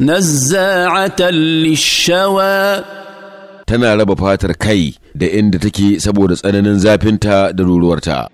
نزاعة للشوى tana raba fatar kai da inda take saboda tsananin zafinta da ruruwarta.